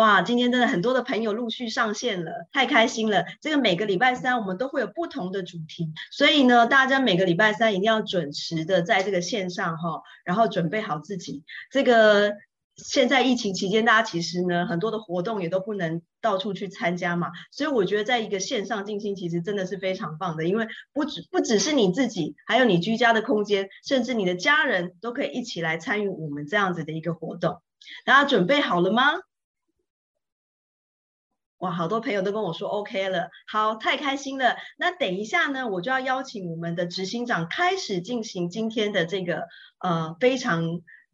哇，今天真的很多的朋友陸續上線了，太開心了！這個每個禮拜三我們都會有不同的主題，所以呢，大家每個禮拜三一定要準時的在這個線上哈、哦，然後準備好自己。這個現在疫情期間，大家其實呢很多的活動也都不能到處去參加嘛，所以我覺得在一個線上進行其實真的是非常棒的，因為不只不只是你自己，還有你居家的空間，甚至你的家人都可以一起來參與我們這樣子的一個活動。大家準備好了嗎？哇，好多朋友都跟我說 OK 了，好，太開心了。那等一下呢，我就要邀請我們的執行長開始進行今天的這個呃，非常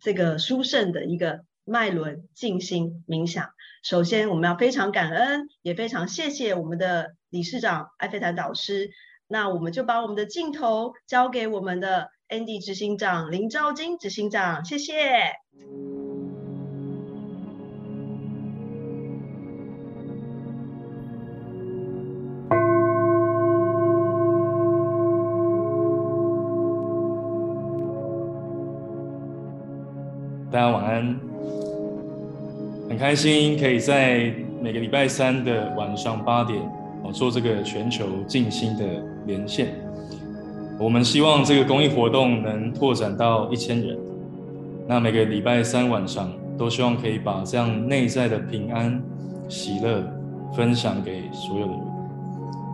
這個殊勝的一個脈輪靜心冥想。首先，我們要非常感恩，也非常謝謝我們的理事長艾菲坦導師。那我們就把我們的鏡頭交給我們的 Andy 執行長林昭金執行長，謝謝。大家晚安，很開心可以在每個禮拜三的晚上八點，做這個全球靜心的連線。我們希望這個公益活動能拓展到一千人。那每個禮拜三晚上都希望可以把這樣內在的平安、喜樂分享給所有的人。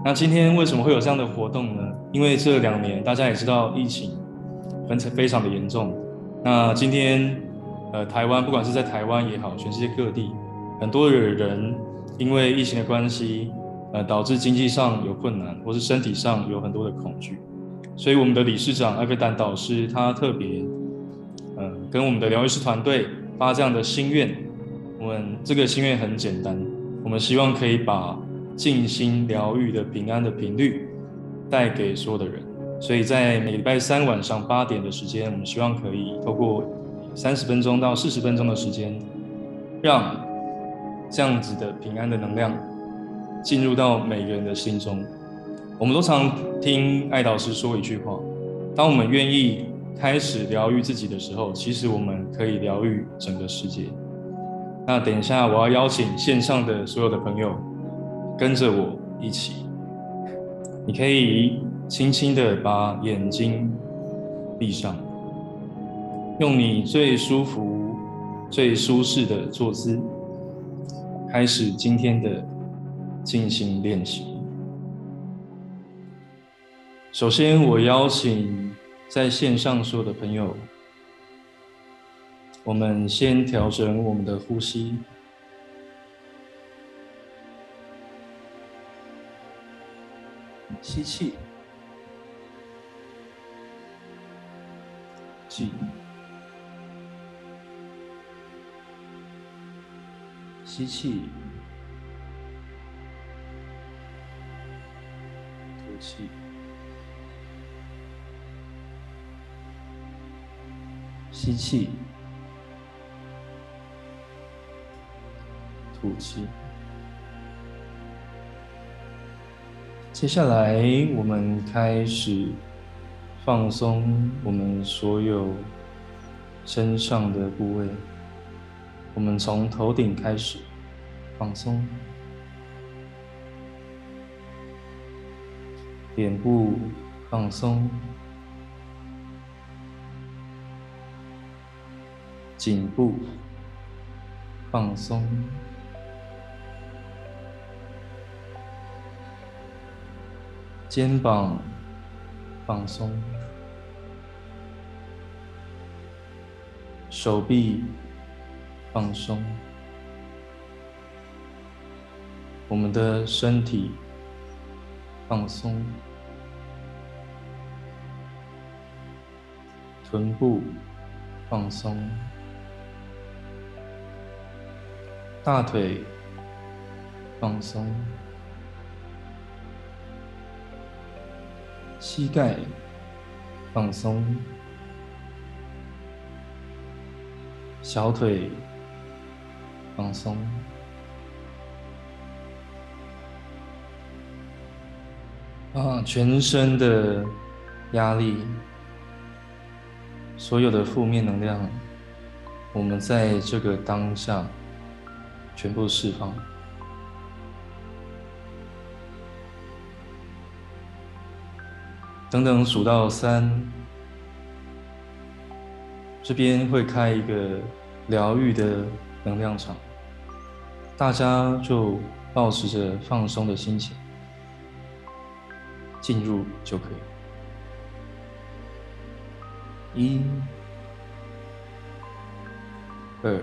那今天為什麼會有這樣的活動呢？因為這兩年大家也知道疫情非常非常的嚴重。那今天。呃，台灣不管是在台灣也好，全世界各地，很多的人因為疫情的關係，呃，導致經濟上有困難，或是身體上有很多的恐懼，所以我們的理事長艾菲丹導師他特別，呃，跟我們的療癒師團隊發這樣的心願，我們這個心願很簡單，我們希望可以把靜心療癒的平安的頻率帶給所有的人，所以在每禮拜三晚上八點的時間，我們希望可以透過。三十分鐘到四十分鐘的時間，讓這樣子的平安的能量進入到每個人的心中。我們都常聽艾老師說一句話，當我們願意開始療癒自己的時候，其實我們可以療癒整個世界。那等一下，我要邀請線上的所有的朋友跟着我一起。你可以輕輕的把眼睛閉上。用你最舒服、最舒適的坐姿，開始今天的靜心練習。首先，我邀請在線上所有的朋友，我們先調整我們的呼吸，吸氣，吸吸氣，吐氣，吸氣，吐氣。接下來，我們開始放鬆我們所有身上的部位。我們從頭頂開始放鬆，臉部放鬆，頸部放鬆，肩膀放鬆，手臂。放鬆，我們的身體放鬆，臀部放鬆，大腿放鬆，膝蓋放鬆，小腿放鬆，啊，全身的壓力，所有的負面能量，我們在這個當下全部釋放。等等，數到三，這邊會開一個療癒的，能量場，大家就保持着放鬆的心情進入就可以。一、二、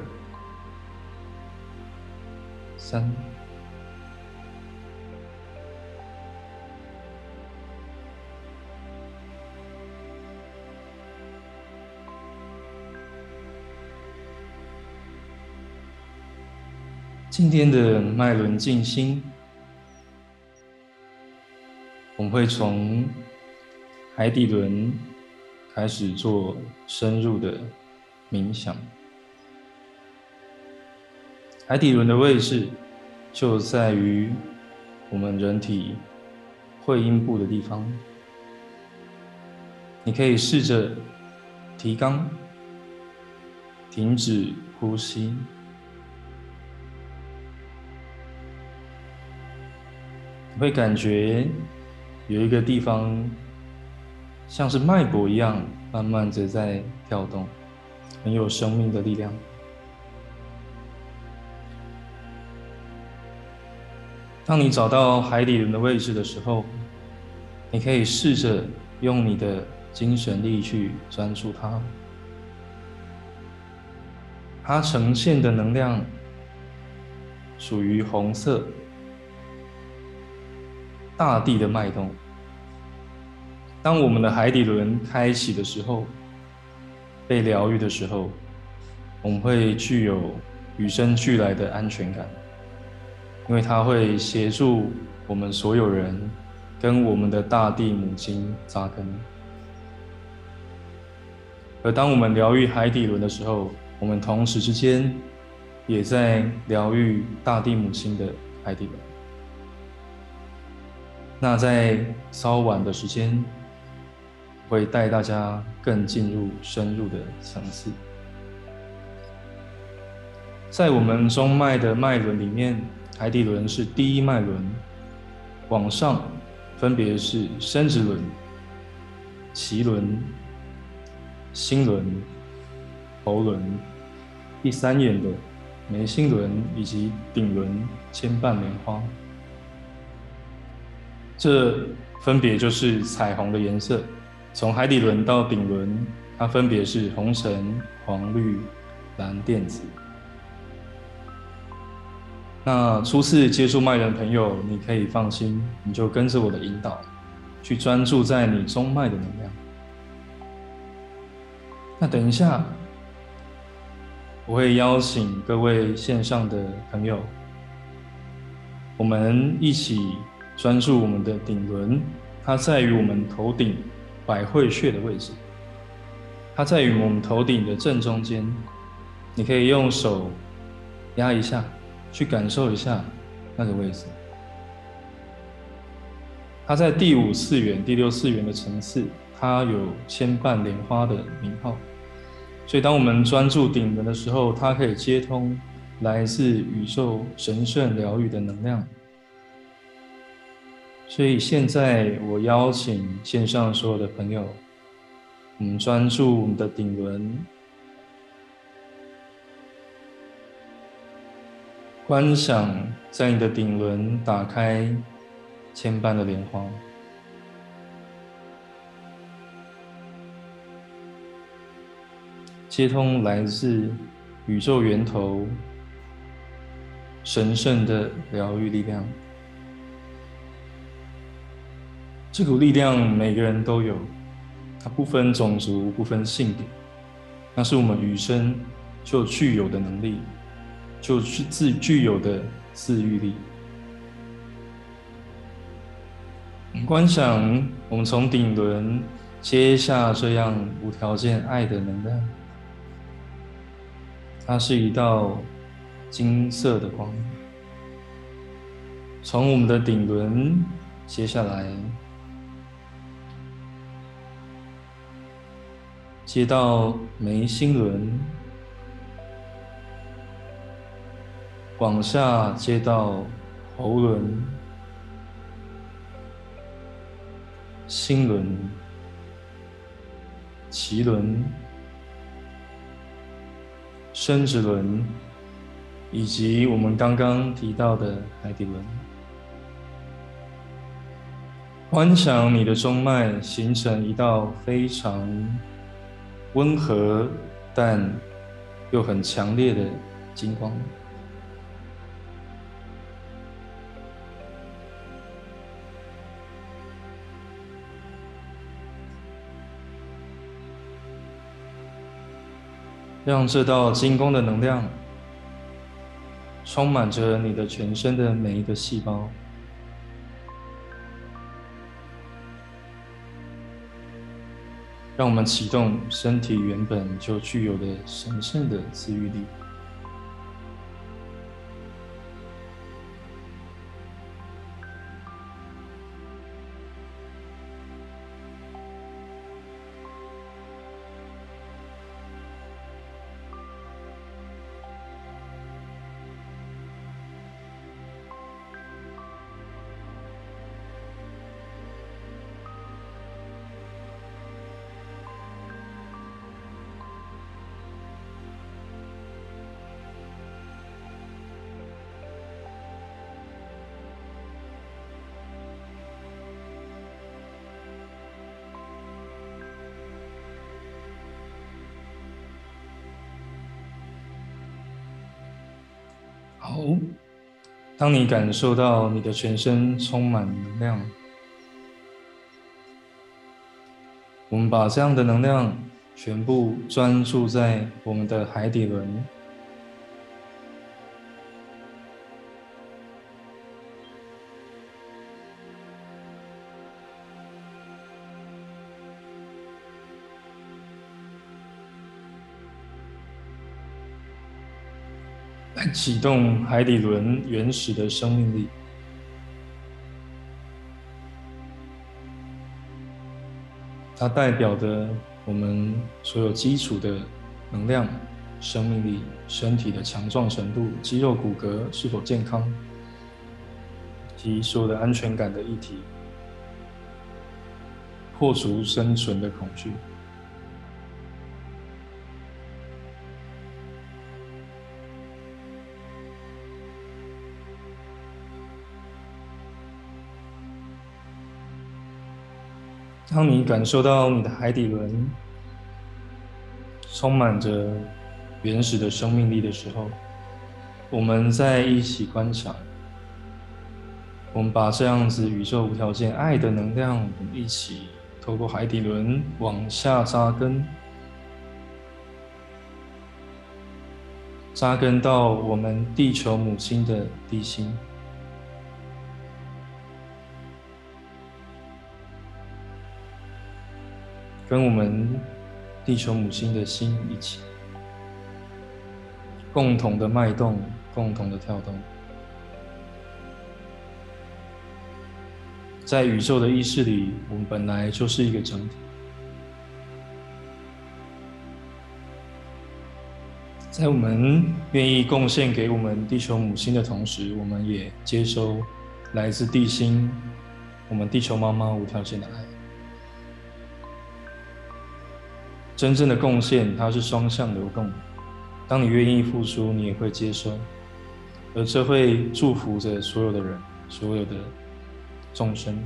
三。今天的脈輪靜心，我們會從海底輪開始做深入的冥想。海底輪的位置就在於我們人體會陰部的地方。你可以試着提肛，停止呼吸。會感覺有一個地方像是脈搏一樣，慢慢的在跳動，很有生命的力量。當你找到海底輪的位置的時候，你可以試着用你的精神力去專注它，它呈現的能量屬於紅色。大地的脈動。當我們的海底輪開啟的時候，被療癒的時候，我們會具有與生俱來的安全感，因為它會協助我們所有人跟我們的大地母親扎根。而當我們療癒海底輪的時候，我們同時之間也在療癒大地母親的海底輪。那在稍晚的時間，會帶大家更進入深入的層次。在我們中脈的脈輪裡面，海底輪是第一脈輪，往上分別是生殖輪、臍輪、心輪、喉輪、第三眼的眉心輪以及頂輪、千瓣蓮花。這分別就是彩虹的顏色，從海底輪到頂輪，它分別是紅橙、黃綠、藍靛紫。那初次接觸脈輪朋友，你可以放心，你就跟着我的引導，去專注在你中脈的能量。那等一下，我會邀請各位線上的朋友，我們一起。專注我們的頂輪，它在於我們頭頂百會穴的位置，它在於我們頭頂的正中間，你可以用手壓一下，去感受一下那個位置。它在第五次元、第六次元的層次，它有千瓣蓮花的名號，所以當我們專注頂輪的時候，它可以接通來自宇宙神聖療癒的能量。所以現在，我邀請線上所有的朋友，我們專注我們的頂輪，觀想在你的頂輪打開千瓣的蓮花，接通來自宇宙源頭，神聖的療癒力量。這股力量每個人都有，它不分種族、不分性別，那是我們與生就具有的能力，就自具有的自癒力。觀想我們從頂輪接下這樣無條件愛的能量，它是一道金色的光，從我們的頂輪接下來。接到眉心輪，往下接到喉輪、心輪、臍輪、生殖輪，以及我們剛剛提到的海底輪，觀想你的中脈形成一道非常，溫和，但又很強烈的金光，讓這道金光的能量充滿着你的全身的每一個細胞。讓我們啟動身體原本就具有的神聖的自癒力。當你感受到你的全身充滿能量，我們把這樣的能量全部專注在我們的海底輪。啟動海底輪原始的生命力，它代表的我們所有基礎的能量、生命力、身體的強壯程度、肌肉骨骼是否健康，及所有的安全感的議題，破除生存的恐懼。當你感受到你的海底輪充滿着原始的生命力的時候，我們在一起觀察。我們把這樣子宇宙無條件愛的能量，一起透過海底輪往下扎根，扎根到我們地球母親的地心。跟我們地球母親的心一起，共同的脈動，共同的跳動，在宇宙的意識裡，我們本來就是一個整體。在我們願意貢獻給我們地球母親的同時，我們也接收來自地心，我們地球媽媽無條件的愛。真正的貢獻，它是雙向流動。當你願意付出，你也會接收，而這會祝福着所有的人，所有的眾生。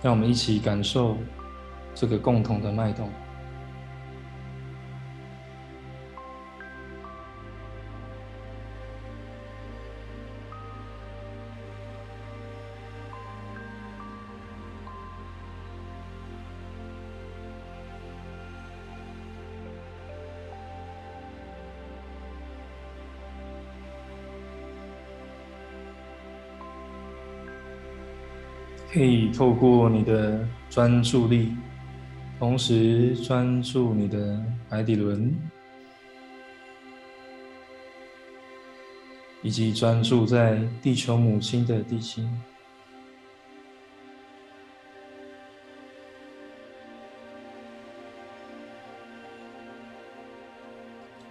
讓我們一起感受這個共同的脈動。透過你的專注力，同時專注你的海底輪，以及專注在地球母親的地心，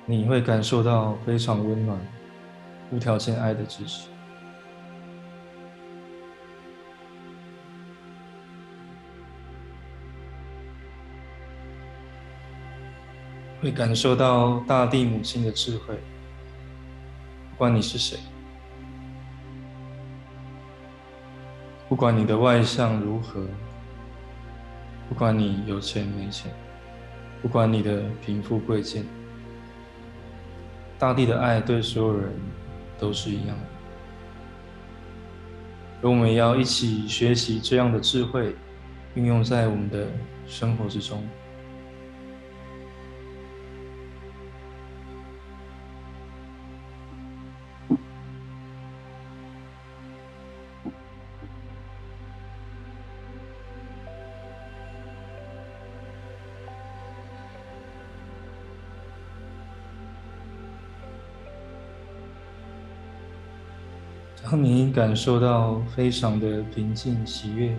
你會感受到非常溫暖、無條件愛的支持。會感受到大地母親的智慧，不管你是誰，不管你的外相如何，不管你有錢沒錢，不管你的貧富貴賤，大地的愛對所有人都是一樣的。我們要一起學習這樣的智慧，運用在我們的生活之中。感受到非常的平靜喜悅，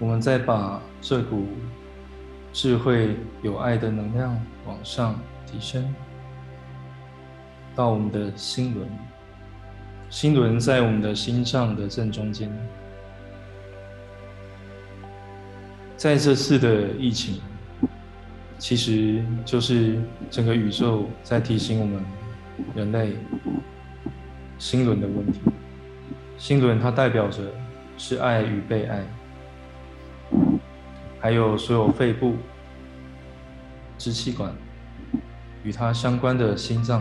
我們再把這股智慧有愛的能量往上提升，到我們的心輪。心輪在我們的心臟的正中間。在這次的疫情，其實就是整個宇宙在提醒我們人類。心輪的問題，心輪它代表着是愛與被愛，還有所有肺部、支氣管與它相關的心臟，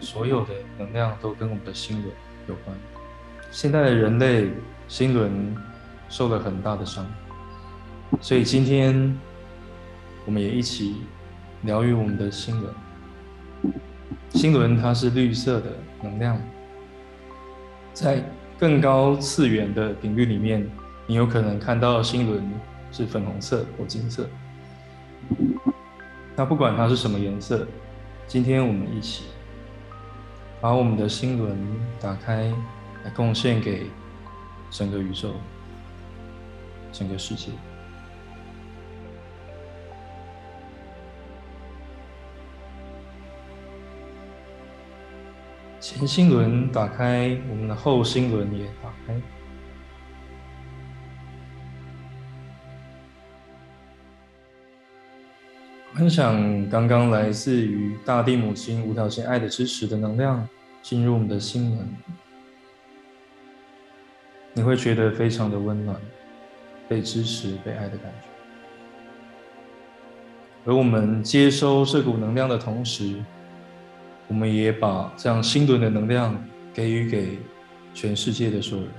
所有的能量都跟我們的心輪有關。現在的人類心輪受了很大的傷，所以今天我們也一起療癒我們的心輪。心輪它是綠色的，能量，在更高次元的頻率裡面，你有可能看到的心輪是粉紅色或金色。那不管它是什麼顏色，今天我們一起把我們的心輪打開，來貢獻給整個宇宙、整個世界。前心輪打開，我們的後心輪也打開。分享剛剛來自於大地母親無條件愛的支持的能量進入我們的心輪，你會覺得非常的溫暖，被支持、被愛的感覺。而我們接收這股能量的同時。我們也把這樣心輪的能量給予給全世界的所有人。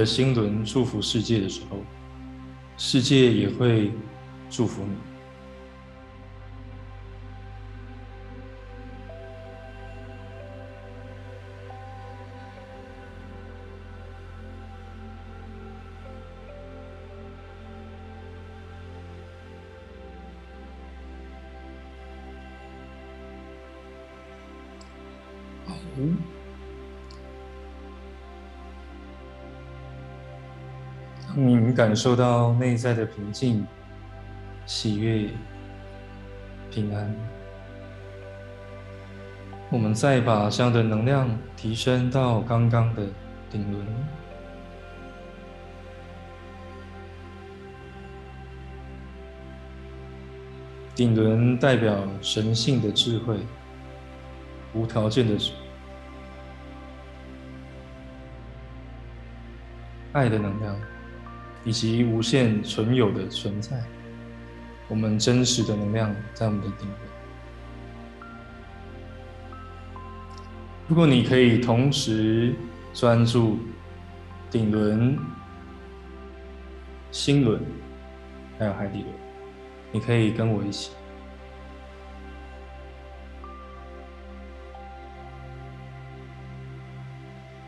的心輪祝福世界的時候，世界也會祝福你。你能感受到內在的平靜、喜悅、平安。我們再把這樣的能量提升到剛剛的頂輪。頂輪代表神性的智慧、無條件的愛的能量。以及無限存有的存在，我們真實的能量在我們的頂輪。如果你可以同時專注頂輪、心輪還有海底輪，你可以跟我一起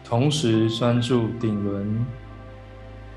同時專注頂輪。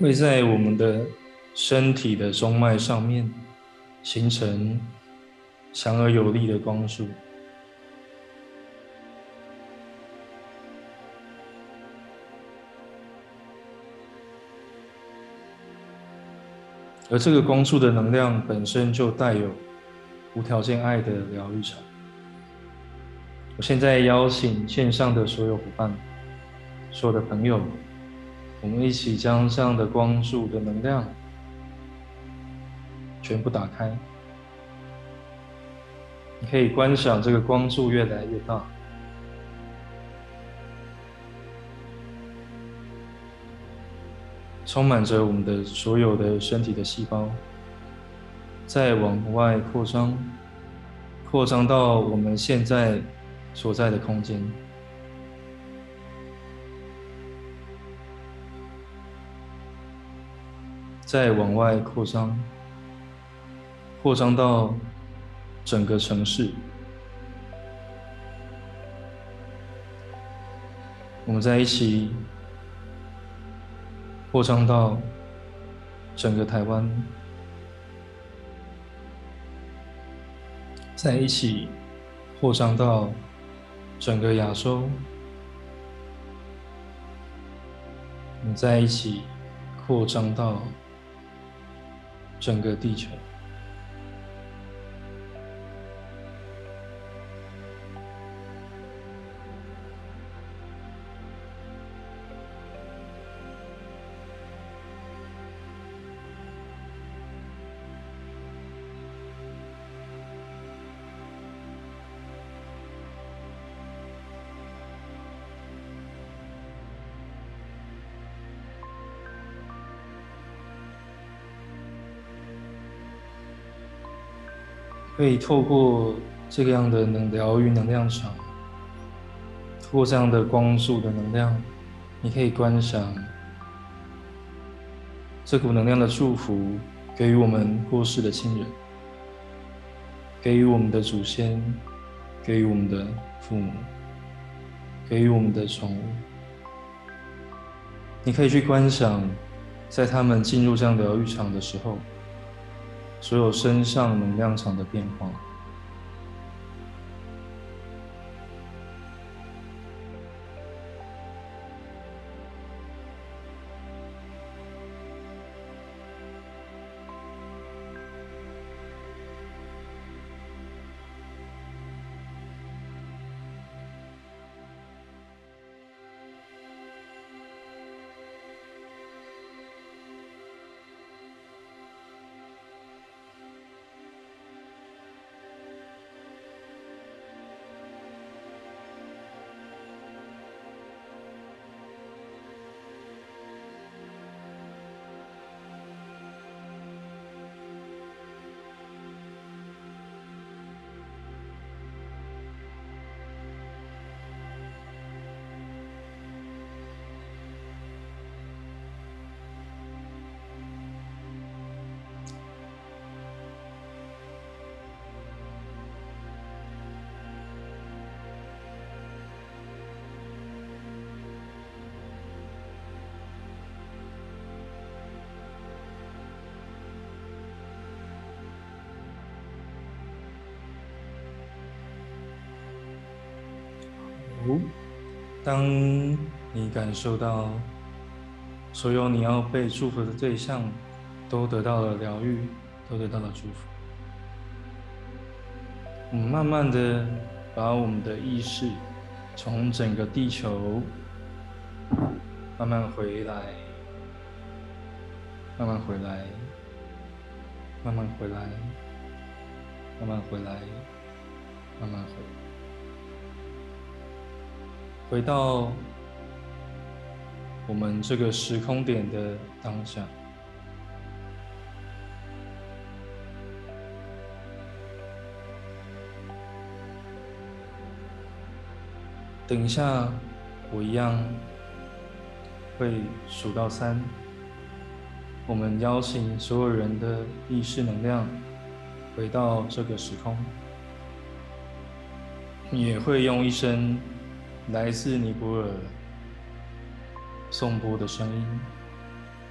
會在我們的身體的中脈上面形成強而有力的光束，而這個光束的能量本身就帶有無條件愛的療癒場。我現在邀請線上的所有夥伴，所有的朋友們。我們一起將這樣的光束的能量全部打開，你可以觀想這個光束越來越大，充滿着我們的所有的身體的細胞，再往外擴張，擴張到我們現在所在的空間。再往外擴張，擴張到整個城市，我們在一起擴張到整個台灣，在一起擴張到整個亞洲，我們在一起擴張到。整個地球。可以透過這個樣的能療癒能量場，透過這樣的光束的能量，你可以觀想這股能量的祝福，給予我們過世的親人，給予我們的祖先，給予我們的父母，給予我們的寵物。你可以去觀想，在他們進入這樣療癒場的時候。所有身上能量場的變化。當你感受到所有你要被祝福的對象都得到了療愈，都得到了祝福，我們慢慢地把我們的意識從整個地球慢慢回來，慢慢回來，慢慢回來，慢慢回來，慢慢回來。慢慢回來，慢慢回來。回到我們這個時空點的當下。等一下，我一樣會數到三。我們邀請所有人的意識能量回到這個時空，也會用一生。來自尼泊爾，頌缽的聲音，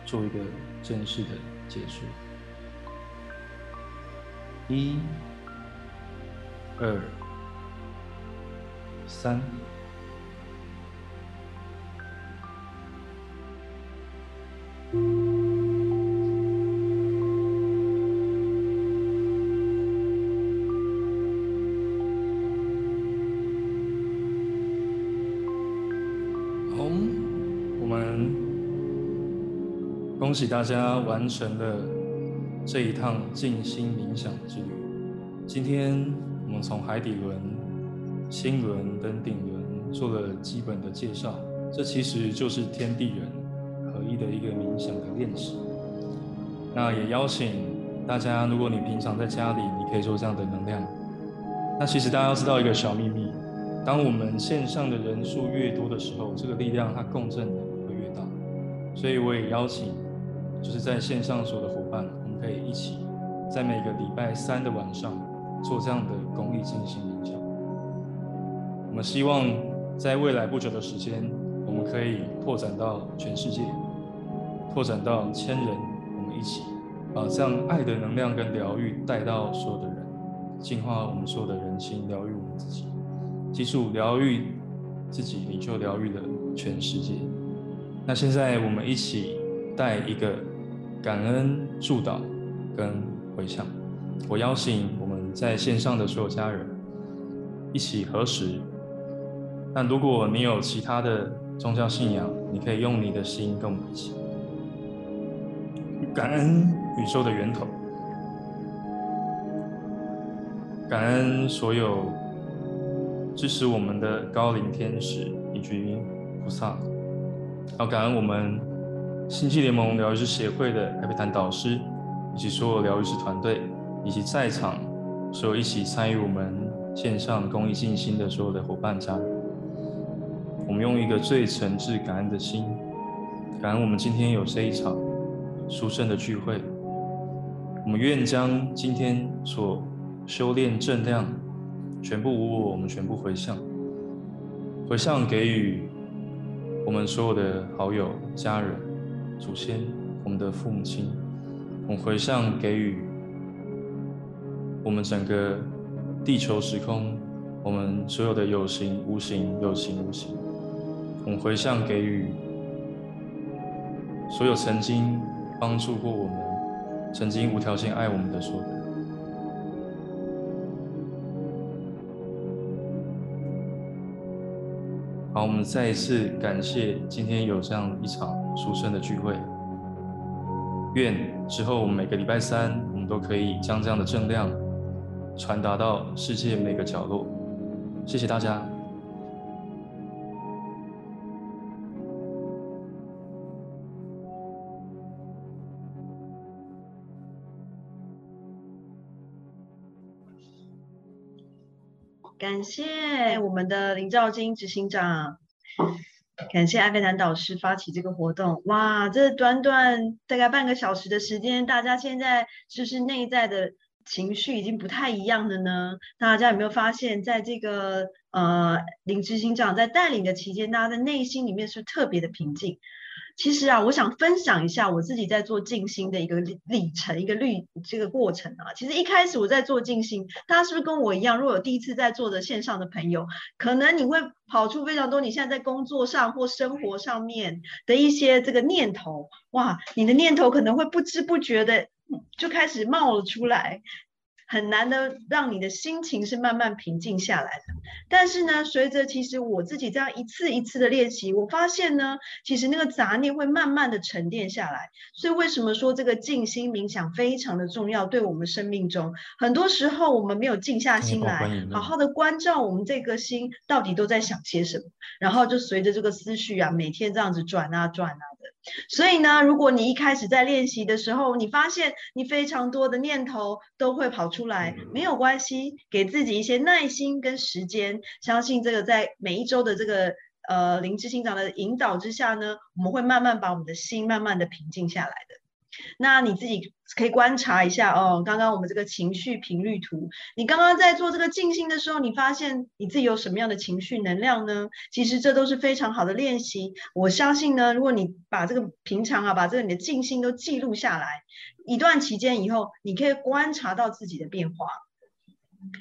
做一個正式的結束。一、二、三。恭喜大家完成了這一趟靜心冥想之旅。今天我們從海底輪、心輪等頂輪做了基本的介紹，這其實就是天地人合一的一個冥想的練習。那也邀請大家，如果你平常在家裡，你可以做這樣的能量。那其實大家要知道一個小祕密，當我們線上的人數越多的時候，這個力量它共振的會越大。所以我也邀請。就是在線上所有的夥伴，我們可以一起在每個禮拜三的晚上做這樣的公益靜心冥想。我們希望在未來不久的時間，我們可以拓展到全世界，拓展到千人，我們一起把這樣愛的能量跟療癒帶到所有的人，淨化我們所有的人心，療癒我們自己。記住，療癒自己，你就療癒了全世界。那現在我們一起帶一個。感恩祝禱跟迴向，我邀請我們在線上的所有家人一起合十。但如果你有其他的宗教信仰，你可以用你的心跟我們一起感恩宇宙的源頭，感恩所有支持我們的高靈天使以及菩薩，還有感恩我們。星際聯盟療癒師協會的艾比坦導師，以及所有療癒師團隊，以及在場所有一起參與我們線上公益靜心的所有的夥伴家，我們用一個最誠摯感恩的心，感恩我們今天有這一場殊勝的聚會。我們願將今天所修煉正量，全部無我，我們全部回向，回向給予我們所有的好友、家人，祖先，我們的父母親，我們回向給予我們整個地球時空，我們所有的有形無形、有形無形，我們回向給予所有曾經幫助過我們、曾經無條件愛我們的所有。好，我們再一次感謝今天有這樣一場殊勝的聚會。願之後我們每個禮拜三，我們都可以將這樣的正能量傳達到世界每個角落。謝謝大家。感謝我們的林兆金執行長，感謝艾菲南導師發起這個活動。哇，這短短大概半個小時的時間，大家現在就是，是內在的情緒已經不太一樣了呢。大家有沒有發現，在這個呃林執行長在帶領的期間，大家的內心裡面是特別的平靜。其實啊，我想分享一下我自己在做靜心的一個歷程，一個歷這個過程啊。其實一開始我在做靜心，大家是不是跟我一樣？如果有第一次在做的線上的朋友，可能你會跑出非常多你現在在工作上或生活上面的一些這個念頭。哇，你的念頭可能會不知不覺的就開始冒了出來。很難的，讓你的心情是慢慢平靜下來的。但是呢，隨着其實我自己這樣一次一次的練習，我發現呢，其實那個雜念會慢慢的沉澱下來。所以為什麼說這個靜心冥想非常的重要？對我們生命中，很多時候我們沒有靜下心來，嗯、好好的關照我們這個心到底都在想些什麼，然後就隨着這個思緒啊，每天這樣子轉啊轉啊。所以呢，如果你一開始在練習的時候，你發現你非常多的念頭都會跑出來，沒有關係，給自己一些耐心跟時間，相信這個在每一周的這個呃靈芝心長的引導之下呢，我們會慢慢把我們的心慢慢的平靜下來的。那你自己可以觀察一下哦，剛剛我們這個情緒頻率圖，你剛剛在做這個靜心的時候，你發現你自己有什麼樣的情緒能量呢？其實這都是非常好的練習。我相信呢，如果你把這個平常啊，把這個你的靜心都記錄下來，一段期間以後，你可以觀察到自己的變化。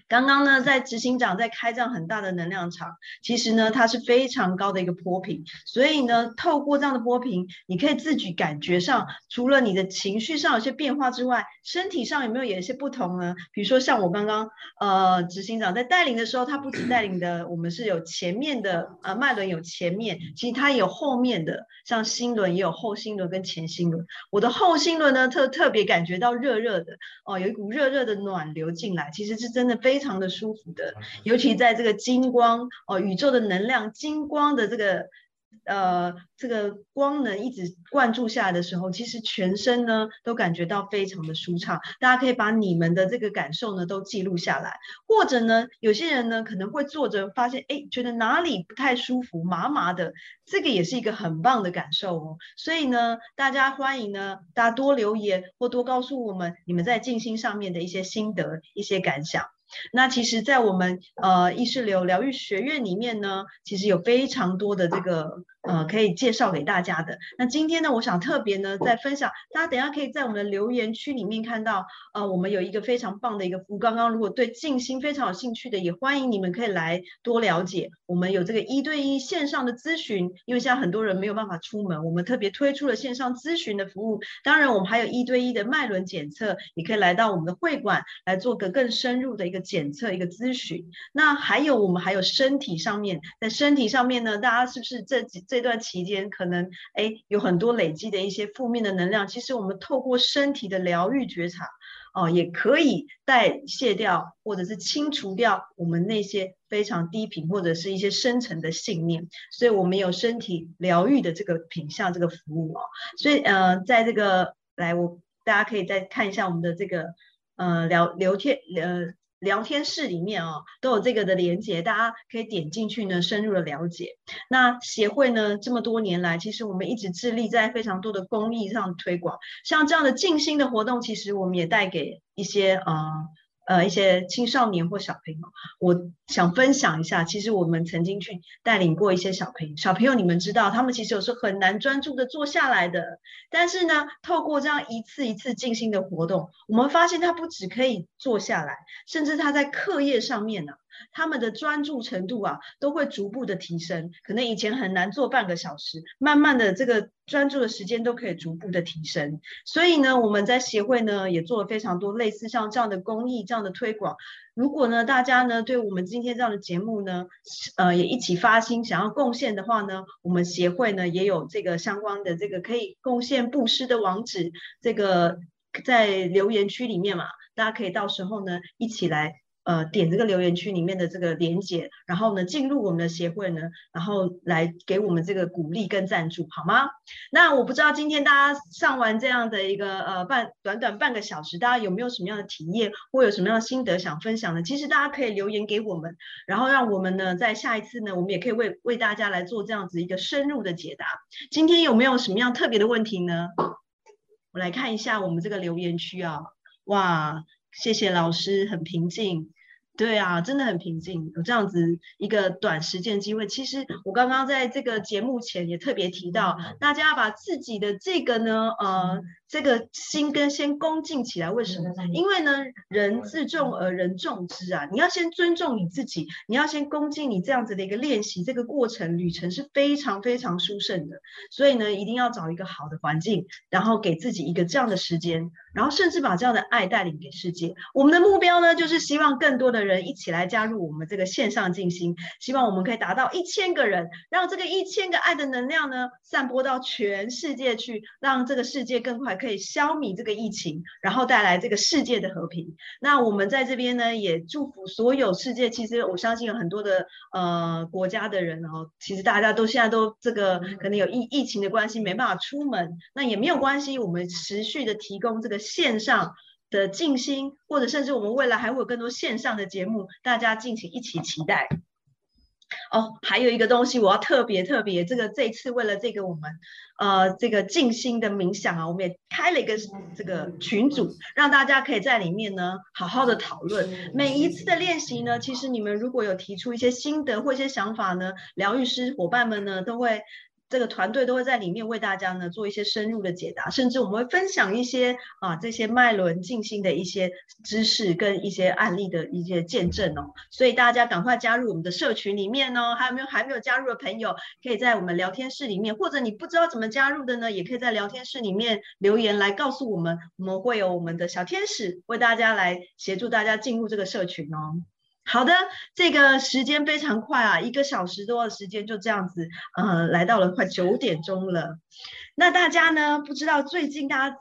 剛剛呢，在執行長在開這樣很大的能量場，其實呢，它是非常高的一個波頻，所以呢，透過這樣的波頻，你可以自己感覺上，除了你的情緒上有些變化之外，身體上有沒有有一些不同呢？比如說像我剛剛，呃，執行長在帶領的時候，他不僅帶領的我們是有前面的，呃，脈輪有前面，其實他也有後面的，像心輪也有後心輪跟前心輪。我的後心輪呢，特特別感覺到熱熱的，哦，有一股熱熱的暖流進來，其實是真。非常的舒服的，尤其在這個金光哦，宇宙的能量、金光的這個呃這個光能一直灌注下來的時候，其實全身呢都感覺到非常的舒暢。大家可以把你們的這個感受呢都記錄下來，或者呢有些人呢可能會坐着發現哎覺得哪裡不太舒服、麻麻的，這個也是一個很棒的感受哦。所以呢大家歡迎呢大家多留言或多告訴我們你們在靜心上面的一些心得、一些感想。那其實，在我們呃意識流療癒學院裡面呢，其實有非常多的這個。呃，可以介紹給大家的。那今天呢，我想特別呢，再、oh. 分享。大家等下可以在我們的留言區裡面看到，呃，我們有一個非常棒的一個服務。剛剛如果對靜心非常有興趣的，也歡迎你們可以來多了解。我們有這個一對一線上的諮詢，因為現在很多人沒有辦法出門，我們特別推出了線上諮詢的服務。當然，我們還有一對一的脈輪檢測，也可以來到我們的會館來做個更深入的一個檢測、一個諮詢。那還有我們還有身體上面，在身體上面呢，大家是不是這幾這？這段期間可能誒有很多累積的一些負面的能量，其實我們透過身體的療癒覺察哦、呃，也可以代謝掉或者是清除掉我們那些非常低頻或者是一些深層的信念，所以我們有身體療癒的這個品項這個服務哦，所以呃，在這個來我大家可以再看一下我們的這個呃聊聊天呃，聊天室裡面啊、哦，都有這個的連接，大家可以點進去呢，深入的了解。那協會呢，這麼多年來，其實我們一直致力在非常多的公益上推廣，像這樣的靜心的活動，其實我們也帶給一些呃。呃，一些青少年或小朋友，我想分享一下。其實我們曾經去帶領過一些小朋友，小朋友你們知道，他們其實有時候很難專注的坐下來的。但是呢，透過這樣一次一次靜心的活動，我們發現他不只可以坐下來，甚至他在課業上面呢、啊。他們的專注程度啊，都會逐步的提升。可能以前很難做半個小時，慢慢的這個專注的時間都可以逐步的提升。所以呢，我們在協會呢也做了非常多類似像這樣的公益、這樣的推廣。如果呢大家呢對我們今天這樣的節目呢，呃也一起發心想要貢獻的話呢，我們協會呢也有這個相關的這個可以貢獻布施的網址，這個在留言區裡面嘛，大家可以到時候呢一起來。呃，點這個留言區裡面的這個連結，然後呢，進入我們的協會呢，然後來給我們這個鼓勵跟贊助，好嗎？那我不知道今天大家上完這樣的一個呃半短短半個小時，大家有沒有什麼樣的體驗或有什麼樣的心得想分享的？其實大家可以留言給我們，然後讓我們呢，在下一次呢，我們也可以為為大家來做這樣子一個深入的解答。今天有沒有什麼樣特別的問題呢？我來看一下我們這個留言區啊，哇，謝謝老師，很平靜。對啊，真的很平靜。有這樣子一個短時間機會，其實我剛剛在這個節目前也特別提到，嗯、大家要把自己的這個呢，呃。嗯這個心根先恭敬起來，為什麼呢？因為呢，人自重而人重之啊！你要先尊重你自己，你要先恭敬你這樣子的一個練習，這個過程旅程是非常非常殊勝的。所以呢，一定要找一個好的環境，然後給自己一個這樣的時間，然後甚至把這樣的愛帶領給世界。我們的目標呢，就是希望更多的人一起來加入我們這個線上靜心，希望我們可以達到一千個人，讓這個一千個愛的能量呢，散播到全世界去，讓這個世界更快。可以消弭這個疫情，然後帶來這個世界的和平。那我們在這邊呢，也祝福所有世界。其實我相信有很多的呃國家的人哦，其實大家都現在都這個可能有疫疫情的關係，沒辦法出門。那也沒有關係，我們持續的提供這個線上的靜心，或者甚至我們未來還會有更多線上的節目，大家敬請一起期待。哦，還有一個東西我要特別特別，這個這次為了這個我們，呃，這個靜心的冥想啊，我們也開了一個這個群組，讓大家可以在裡面呢好好的討論。每一次的練習呢，其實你們如果有提出一些心得或一些想法呢，療癒師夥伴們呢都會。這個團隊都會在裡面為大家呢做一些深入的解答，甚至我們會分享一些啊這些脈輪靜心的一些知識跟一些案例的一些見證哦。所以大家趕快加入我們的社群裡面哦。還有沒有還沒有加入的朋友，可以在我們聊天室裡面，或者你不知道怎麼加入的呢，也可以在聊天室裡面留言來告訴我們，我們會有我們的小天使為大家來協助大家進入這個社群哦。好的，這個時間非常快啊，一個小時多的時間就這樣子，呃，來到了快九點鐘了。那大家呢？不知道最近大家。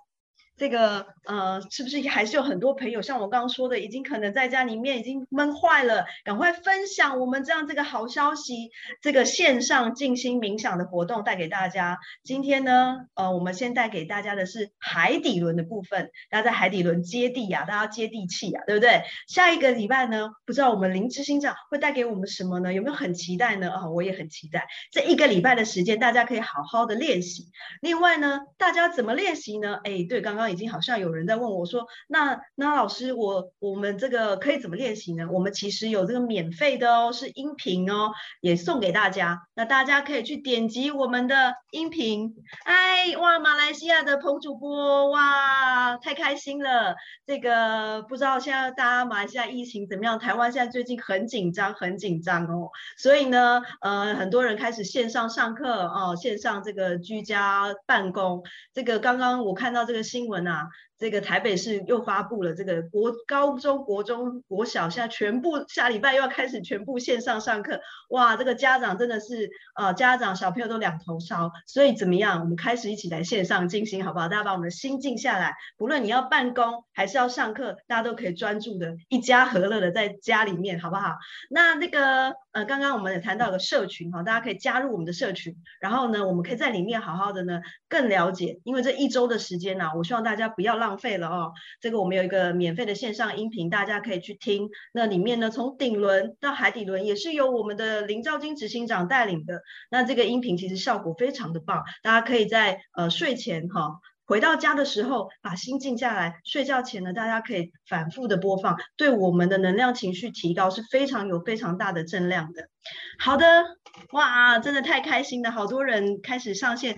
這個呃，是不是還是有很多朋友像我剛剛說的，已經可能在家裡面已經悶壞了？趕快分享我們這樣這個好消息，這個線上靜心冥想的活動帶給大家。今天呢，呃，我們先帶給大家的是海底輪的部分。大家在海底輪接地呀、啊，大家接地氣呀、啊，對不對？下一個禮拜呢，不知道我們靈芝心臟會帶給我們什麼呢？有沒有很期待呢？啊，我也很期待。這一個禮拜的時間，大家可以好好的練習。另外呢，大家怎麼練習呢？誒，對，剛剛。已經好像有人在問我說：“那那老師，我我們這個可以怎麼練習呢？”我們其實有這個免費的哦，是音頻哦，也送給大家。那大家可以去點擊我們的音頻。哎哇，馬來西亞的彭主播哇，太開心了！這個不知道現在大家馬來西亞疫情怎麼樣？台灣現在最近很緊張，很緊張哦。所以呢，呃，很多人開始線上上課哦，啊，線上這個居家辦公。這個剛剛我看到這個新聞。那、啊。這個台北市又發布了這個國高中國中國小，現在全部下禮拜又要開始全部線上上課，哇！這個家長真的是呃家長小朋友都兩頭燒，所以怎麼樣？我們開始一起來線上進行好不好？大家把我們的心靜下來，不論你要辦公還是要上課，大家都可以專注的，一家和樂的在家裡面好不好？那那個呃，剛剛我們也談到有個社群哈，大家可以加入我們的社群，然後呢，我們可以在裡面好好的呢更了解，因為這一周的時間呢、啊，我希望大家不要浪。浪費了哦，這個我們有一個免費的線上音頻，大家可以去聽。那裡面呢，從頂輪到海底輪，也是由我們的林兆金執行長帶領的。那這個音頻其實效果非常的棒，大家可以在呃睡前哈、哦，回到家的時候把心靜下來，睡覺前呢，大家可以反覆的播放，對我們的能量情緒提高是非常有非常大的增量的。好的，哇，真的太開心了，好多人開始上線。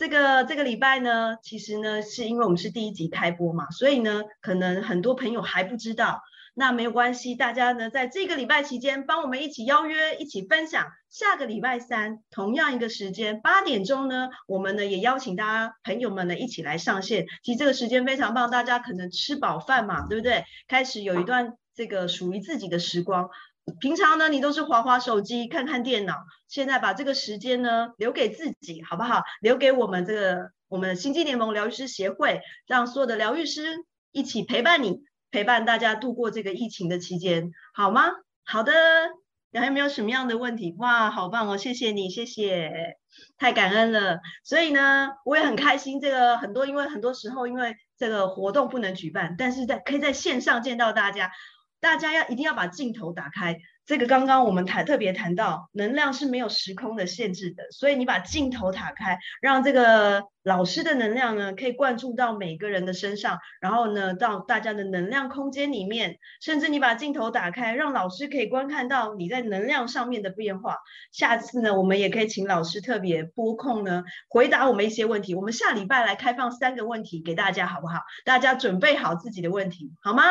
這個這個禮拜呢，其實呢，是因為我們是第一集開播嘛，所以呢，可能很多朋友還不知道。那沒有關係，大家呢，在這個禮拜期間，幫我們一起邀約，一起分享。下個禮拜三，同樣一個時間，八點鐘呢，我們呢也邀請大家朋友們呢一起來上線。其實這個時間非常棒，大家可能吃飽飯嘛，對不對？開始有一段這個屬於自己的時光。平常呢，你都是滑滑手機、看看電腦。現在把這個時間呢留給自己，好不好？留給我們這個我們星際聯盟療癒師協會，讓所有的療癒師一起陪伴你，陪伴大家度過這個疫情的期間，好嗎？好的。你還有沒有什麼樣的問題？哇，好棒哦！謝謝你，謝謝，太感恩了。所以呢，我也很開心。這個很多，因為很多時候因為這個活動不能舉辦，但是在可以在線上見到大家。大家要一定要把鏡頭打開，這個剛剛我們談特別談到，能量是沒有時空的限制的，所以你把鏡頭打開，讓這個老師的能量呢可以灌注到每個人的身上，然後呢到大家的能量空間裡面，甚至你把鏡頭打開，讓老師可以觀看到你在能量上面的變化。下次呢，我們也可以請老師特別撥空呢回答我們一些問題。我們下禮拜來開放三個問題給大家，好不好？大家準備好自己的問題，好嗎？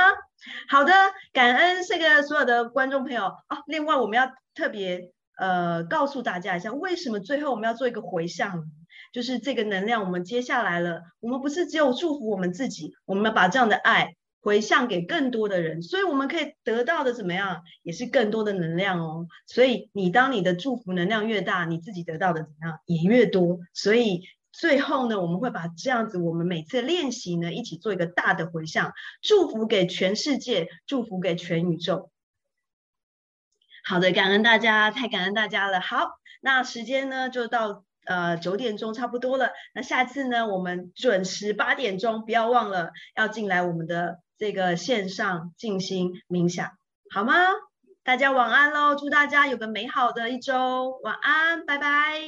好的，感恩這個所有的觀眾朋友啊。哦。另外，我們要特別呃告訴大家一下，為什麼最後我們要做一個回向呢？就是這個能量我們接下來了，我們不是只有祝福我們自己，我們要把這樣的愛回向給更多的人，所以我們可以得到的怎麼樣，也是更多的能量哦。所以你當你的祝福能量越大，你自己得到的怎麼樣也越多。所以。最後呢，我們會把這樣子，我們每次練習呢，一起做一個大的回向，祝福給全世界，祝福給全宇宙。好的，感恩大家，太感恩大家了。好，那時間呢就到呃九點鐘差不多了。那下次呢，我們準時八點鐘，不要忘了要進來我們的這個線上進行冥想，好嗎？大家晚安嘍，祝大家有個美好的一周，晚安，拜拜。